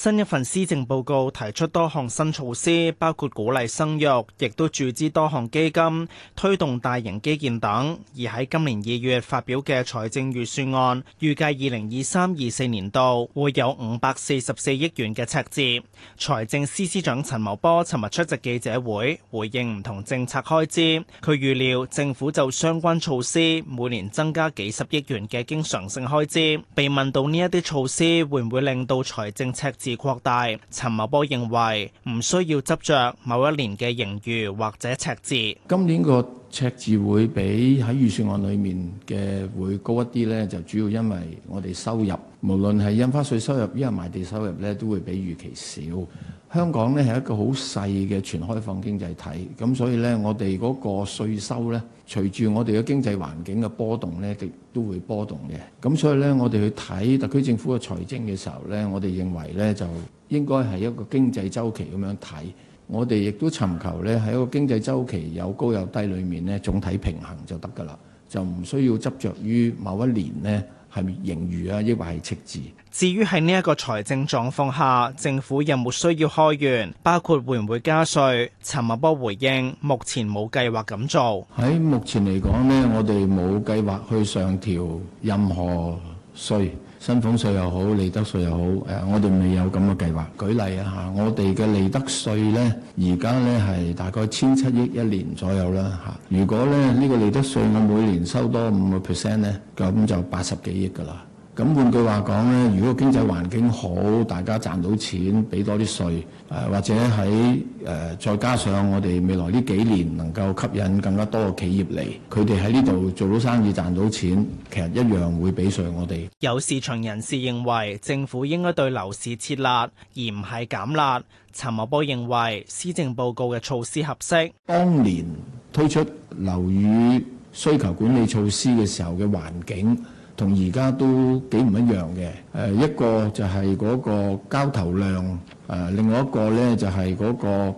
新一份施政報告提出多項新措施，包括鼓勵生育，亦都注資多項基金、推動大型基建等。而喺今年二月發表嘅財政預算案，預計二零二三、二四年度會有五百四十四億元嘅赤字。財政司司長陳茂波尋日出席記者會，回應唔同政策開支。佢預料政府就相關措施每年增加幾十億元嘅經常性開支。被問到呢一啲措施會唔會令到財政赤字擴大，陳茂波認為唔需要執着某一年嘅盈餘或者赤字。今年個赤字會比喺預算案裏面嘅會高一啲呢，就主要因為我哋收入，無論係印花稅收入、依家賣地收入呢都會比預期少。香港咧係一個好細嘅全開放經濟體，咁所以咧我哋嗰個稅收咧，隨住我哋嘅經濟環境嘅波動咧，亦都會波動嘅。咁所以咧，我哋去睇特區政府嘅財政嘅時候咧，我哋認為咧就應該係一個經濟周期咁樣睇。我哋亦都尋求咧喺一個經濟周期有高有低裏面咧總體平衡就得㗎啦，就唔需要執着於某一年咧。係盈餘啊，抑或係赤字。至於喺呢一個財政狀況下，政府有冇需要開源，包括會唔會加稅？陳茂波回應：目前冇計劃咁做。喺目前嚟講呢，我哋冇計劃去上調任何稅。薪俸稅又好，利得稅又好，我哋未有咁嘅計劃。舉例啊，嚇，我哋嘅利得稅呢，而家咧係大概千七億一年左右啦，如果咧呢、這個利得稅我每年收多五個 percent 呢，咁就八十幾億㗎啦。咁換句話講咧，如果經濟環境好，大家賺到錢，俾多啲稅，或者喺再加上我哋未來呢幾年能夠吸引更加多嘅企業嚟，佢哋喺呢度做到生意賺到錢，其實一樣會俾稅我哋。有市場人士認為，政府應該對樓市撤辣，而唔係減辣。陳茂波認為，施政報告嘅措施合適。當年推出樓宇需求管理措施嘅時候嘅環境，同而家都幾唔一樣嘅，誒一個就係嗰個交投量，誒另外一個呢就係嗰個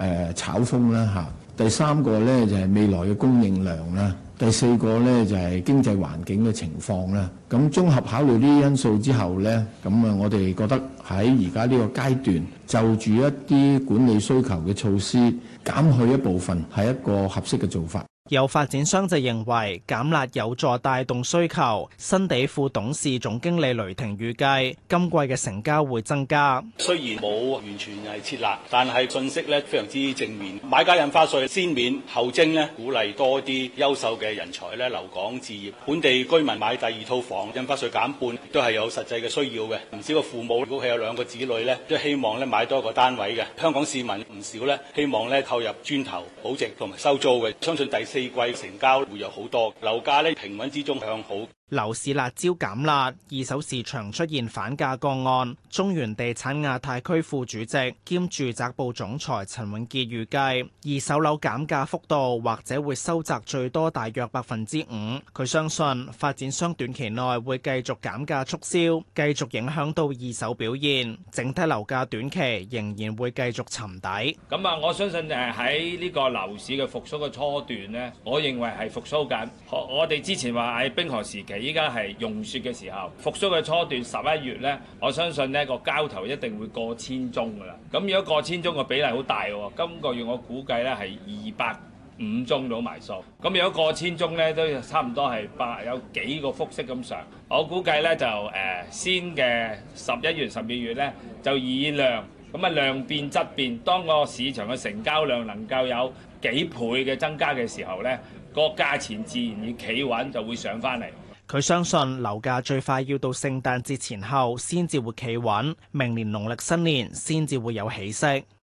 誒炒風啦嚇，第三個呢就係未來嘅供應量啦，第四個呢就係經濟環境嘅情況啦。咁綜合考慮呢啲因素之後呢，咁啊我哋覺得喺而家呢個階段，就住一啲管理需求嘅措施，減去一部分，係一個合適嘅做法。有發展商就認為減辣有助帶動需求。新地副董事總經理雷霆預計今季嘅成交會增加。雖然冇完全係撤辣，但係信息呢非常之正面。買家印花稅先免後徵呢鼓勵多啲優秀嘅人才呢留港置業。本地居民買第二套房印花稅減半，都係有實際嘅需要嘅。唔少嘅父母，如果係有兩個子女呢，都希望呢買多個單位嘅。香港市民唔少呢，希望呢購入磚頭保值同埋收租嘅。相信第四季成交會有好多，樓價咧，平穩之中向好。樓市辣椒減辣，二手市場出現反價個案。中原地產亞太區副主席兼住宅部總裁陳永傑預計，二手樓減價幅度或者會收窄，最多大約百分之五。佢相信發展商短期內會繼續減價促銷，繼續影響到二手表現。整體樓價短期仍然會繼續沉底。咁啊，我相信誒喺呢個樓市嘅復甦嘅初段呢，我認為係復甦緊。我哋之前話喺冰河時期。依家係融雪嘅時候，復甦嘅初段，十一月呢，我相信呢個交投一定會過千宗㗎啦。咁如果過千宗嘅比例好大喎、啊，今個月我估計呢係二百五宗到埋數。咁如果過千宗呢，都差唔多係八有幾個複式咁上。我估計呢，就誒先嘅十一月、十二月呢，就以量咁啊，量變質變，當個市場嘅成交量能夠有幾倍嘅增加嘅時候呢，個價錢自然以企穩就會上返嚟。佢相信樓價最快要到聖誕節前後先至會企穩，明年農曆新年先至會有起色。